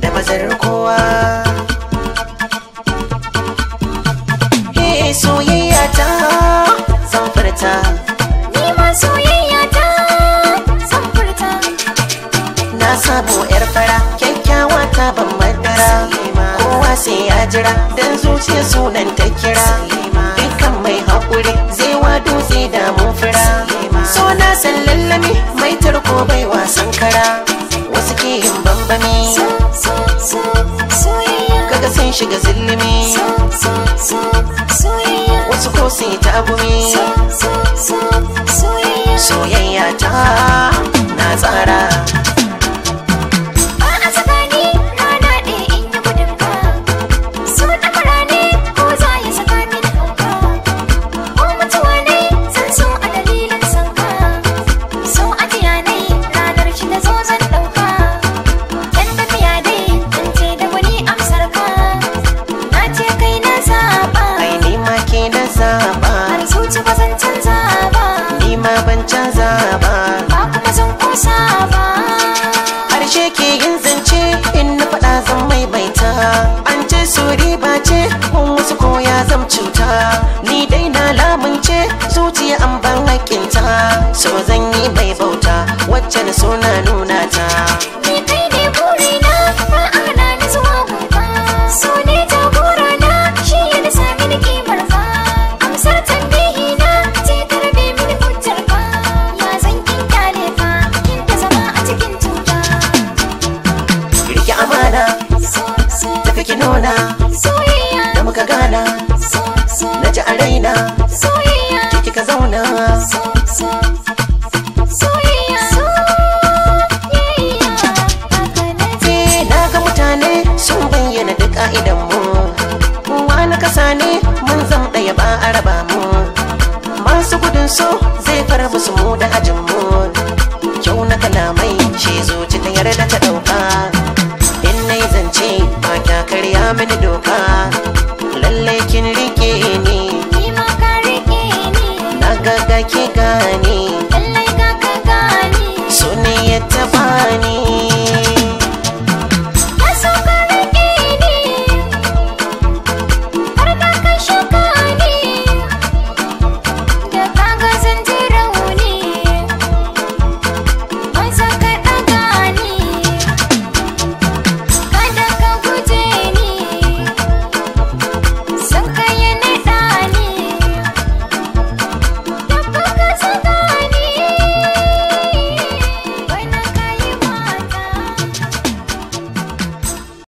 da bazarar kowa Hey eh, soyayya ta zan Ni ma soyayya ta zan Na sabo yar fara kyakkyawa ta ban madara Kowa sai ya jira dan zuciya sunan ta kira Dukkan mai haƙuri zai wa dutse da mun fura So na san lallami mai tarko bai wasan kara shiga zillimi wasu ko su yi tabumi soyayya ta na tsara ci ba zan canza ba ni ma ban canza ba ba kuma zan kusa ba harshe ke yin zance in na faɗa zan maimaita an ce su riba ce kun wasu koya zan cuta ni dai na lamunce zuciya an ban hakinta so zan yi bai bauta wacce na suna na nuna ta kika raina soyayya mutane kika zauna ka'idan eh, mu kuma na kasa ne mun zam ɗaya ba a raba mu masu gudun so zai fara su mu da ajin mu kyau na kalamai shi zuci ta yarda ta ɗauka in na yi zance ba kya karya mini doka